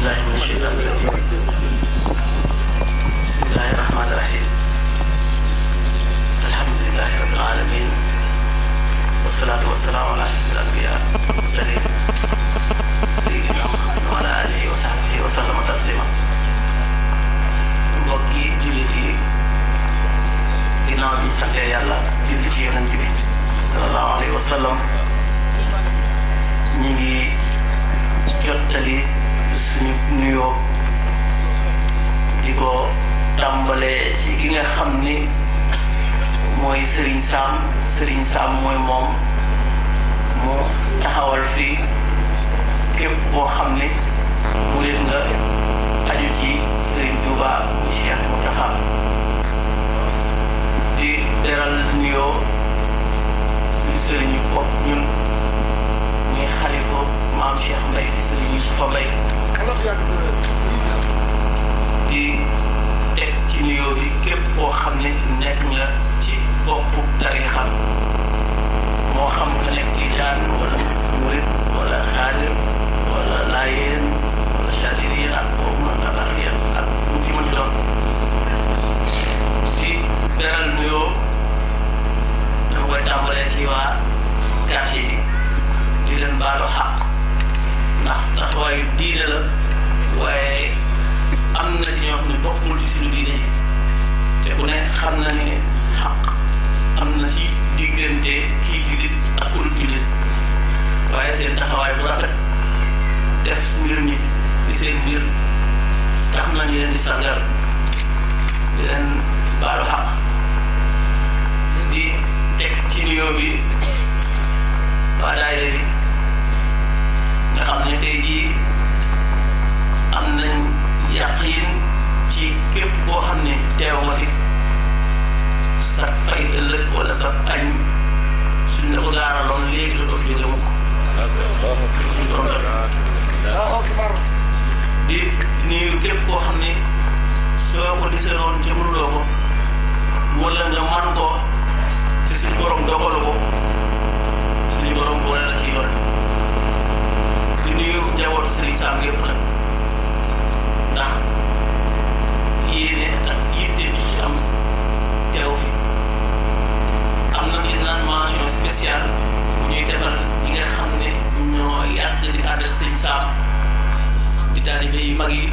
بالله من الشيطان الرجيم بسم الله الرحمن الرحيم الحمد لله رب العالمين والصلاة والسلام على أشرف الأنبياء والمرسلين سيدنا محمد وعلى آله وصحبه وسلم تسليما mbokk yi jullit yi ginnaaw bi sante yàlla julli ci yonent bi sallallahu alayhi wa sallam ñi ngi jottali suñu nuyoo di ko tàmbalee ci ki nga xam ni mooy Serigne Sam Serigne Sam mooy moom mu taxawal fi képp boo xam ni mu leen nga aju ci Serigne Touba mu Cheikh mu taxaw di deral nuyoo suñu Serigne bopp ñun ñuy xalifa maam Cheikh Mbaye di Serigne Moustapha Mbaye di teg ci nuyoo bi képp koo xam ne nekk nga ci boppu tarixa moo xam nga nekk tijaan wala murit wala xaadir wala laayeen wala chadiri ak boobu ak afiyat ak lu ci mën doon di beral nuyoo dama koy tàmbalee ci waa quartier yi di leen baalu xaq ndax taxawaayu diine la waaye am na si ñoo xam ne bokkul ci suñu diine yi te ku ne xam na ne xaq am na ci diggante kii jullit ak ku dul jullit waaye seen taxawaay bu rafet def mbir mi di seen mbir tax na ñu leen di sargal di xaq di teg ci nuyoo bi waa daayira bi ndax tey jii am nañu yaqiin ci képp koo xam ne teew nga sa fay ëllëg wala sa añ suñ la ko gaaraloon léegi dootoo fi jóge mukk ko di nuyu képp koo xam ne soo ko liseeloon ci ci lislaam yëpp nag ndax yéene ak yitte bi ci am teew fi am na li naan mention spéciale bu ñuy defal ñi nga xam ne ñoo yàgg di ànd ak sëñ Saam di taalibe yu mag yi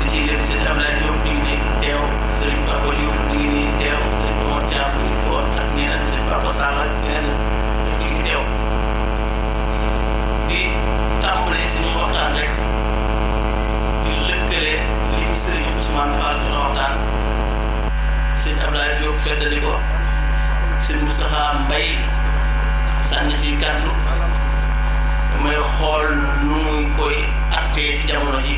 di ci lim sëñ Ablaye Diop ñu ngi nii teew sëñ Papa Diouf ñu ngi nii teew sëñ Omar Thiam ñu ngi woon ak ñeneen sëñ Papa Sall ak ñeneen tàmbalee suñu waxtaan rek ñu lëkkale li fi sëriñ Ousmane Fall suñu waxtaan sëñ Abdoulaye Diop fettali ko sëñ Moustapha Mbaye sànni ci kàddu damay xool nu mu koy attee ci jamono ji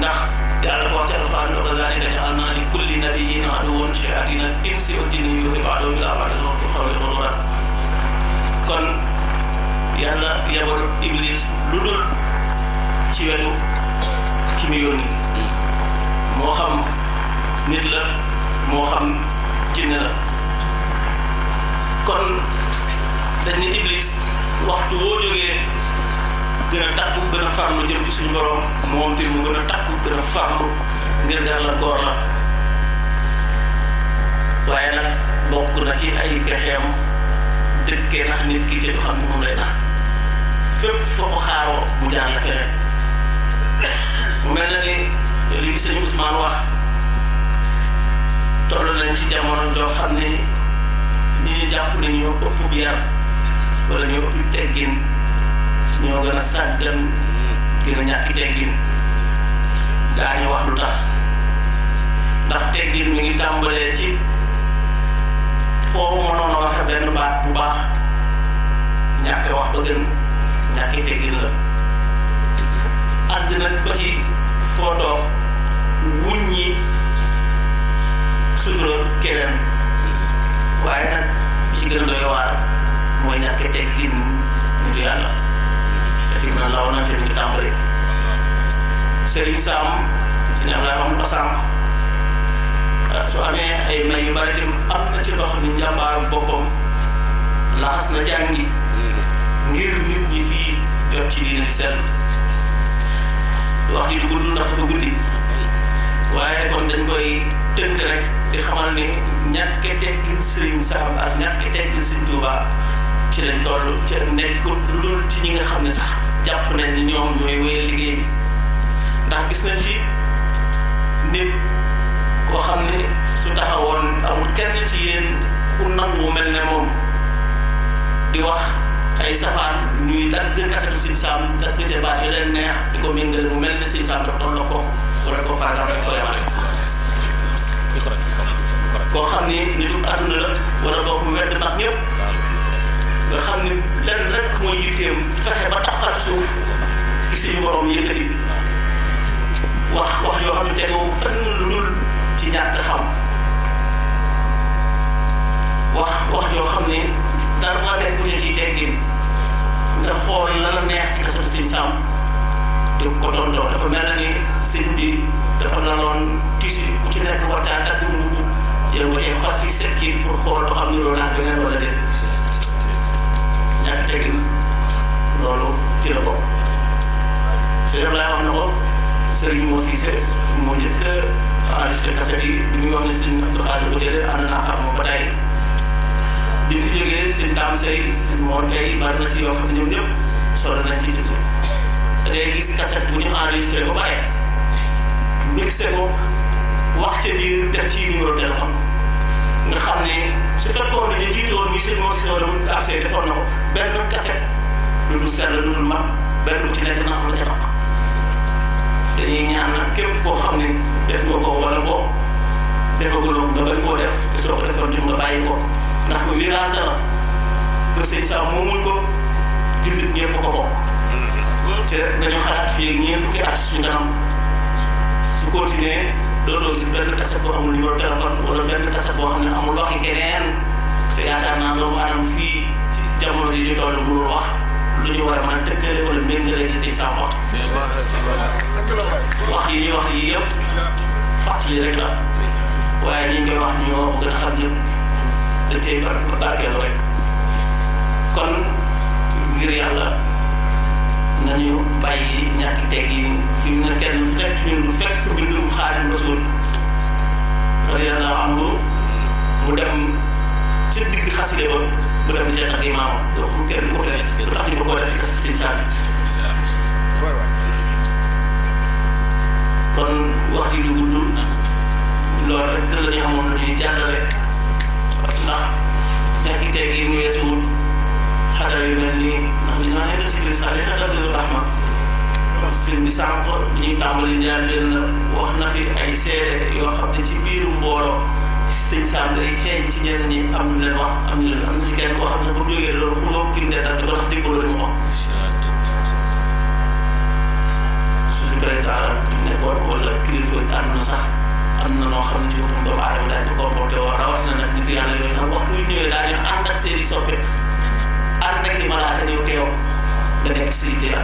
ndax yàlla ko wax ci alxuraan wa kazaalika ja'alnaa li kulli nabiyyin aduwwan shayaatina al-insi wal jinni yuuhaa ba'duhum ilaa ba'din zukhrufal qawli ghuruuraa kon yàlla yabal iblis lu dul ci wetu ki mu yónni moo xam nit la moo xam jinne la kon dañ ne iblis waxtu woo jógee gën a takku gën a farlu jëm ci suñu borom moom te mu gën a takku gën a farlu ngir gàllankoor la waaye nag bokk na ci ay pexeem dëkkee nax nit ki te xam ne moom lay nax fépp foo xaaroo mu jaar na feneen mu mel na ni li sëñ Ousmane wax toll nañ ci jamono joo xam ne ñi jàpp ne ñoo ëpp yar wala ñoo ëpp teggin ñoo gën a sàggan gën a ñàkk teggin daañu wax lu tax ndax teggin mi ngi tàmbalee ci foo mënoon a waxe benn baat bu baax ñàkk wax ba gën ñàkk teggin la àdd nag ko ci footoo wuñ ñi sutura keneen waaye nag bi ci gën a doy waar mooy ñàkk teggin nitu yàlla dafay mën law na te ñu ngi tàmbali Serigne Sam Serigne Abdoulaye wax na ko sànq su amee ay may yu bari tamit am na ci dox ni njàmbaaru boppam laxas na jàngi hmm. ngir nit ñi fii seet wax ji du gudd ndax dafa guddi waaye kon dañ koy tënk rek di xamal ni ñàkk teggin Serigne Sam ak ñàkk teggin Serigne Touba ci leen toll ci nekkul loolu ci ñi nga xam ne sax jàpp nañ ni ñoom ñooy wéyal liggéey bi ndax gis nañ fi nit koo xam ne su taxawoon amul kenn ci yéen ku nangu mel ne moom di wax. ay safaan ñuy dagg kasatu Sëñ Saam dagg ca baat yu leen neex di ko méngale mu mel ni Sëñ Saam daf tolloo ko wala ko faagaal dañ ko yemale koo xam ni nitu àdduna la wala boo ko wedd mag ñëpp nga xam ni lenn rek mooy yitteem fexe ba tappal suuf ci suñu borom yëkkati wax wax yoo xam ne tegoo fenn dara bu la nekk bu ci nga xool la neex ci kaso sëñ Sam di ko tontoo dafa mel na ni sëñ bi dafa laloon tissu bu ci nekk waxtaan ak dundu bu jël nga cay loolu laa beneen wala déet ñàkk teggin loolu ko sëñ Ablaye wax na ko moo siise moo njëkk a enregistré yi bi muy wax ne sëñ Abdou Khadre ko jëlee ànd na seen daam say seen moor gay bari na ci yoo xam ne ñoom ñëpp solo nañ ci dund gis cassette bu ñu enregistré ba pare mixé ko wax ca def ci numéro téléphone xam ne su fekkoon ne ñu jiitoon muy seen moor si wala mu daam say ko benn cassette lu dul sell lu dul mat benn bu ci nekk na am la ca dañuy ñaan nag képp koo xam ne def nga ko wala boo defaguloo nga bañ koo def te soo ko defoon tim nga bàyyi ko ndax mu wiraasa que sëñ Sam moomul ko jullit ñëpp ko bokk. c'est mm-hmm. dañu xalaat fii ak ñeent fukki at suñu kanam su continuer dootoo gis benn kaset boo amul numéro téléphone wala benn kaset boo xam ne amul waxi keneen te yaakaar naa doomu aadama fii ci jamono ji ñu toll mënul wax lu ñu war a mën a tëkkale wala méngale di sëñ Sam wax. wax yi ñuy wax yi yëpp fàttali rek la waaye ñu ngi koy wax ñu ñoo ko gën a xam ñëpp dañ cee barkeelu rek. kon ngir yàlla nañu bàyyi ñàkk teg yi fi mu ne kenn nekk ñu lu fekk mbindum Xaadimu Rasuul radiyallaahu anhu mu dem ca digg xaside ba mu dem di ca tagg imaamam yow kenn du ko def tax ñu ko def ci kas seen kon wax ji lu gudd loolu rek te la ñu amoon lu ñuy jàllale ndax ñàkk teg yi mu xadara yu mel nii ndax li ñu naan inda zikri saalihi tadullu rahma sëñ bi sànq bi ñuy tàmbali njaar den wax na fi ay seede yoo xam ne ci biiru mbooloo sëñ Sam day feeñ ci ñenn ñi am leen wax am leen am na ci kenn koo xam ne bu jógee loolu xuloo kii ko mu su fi président city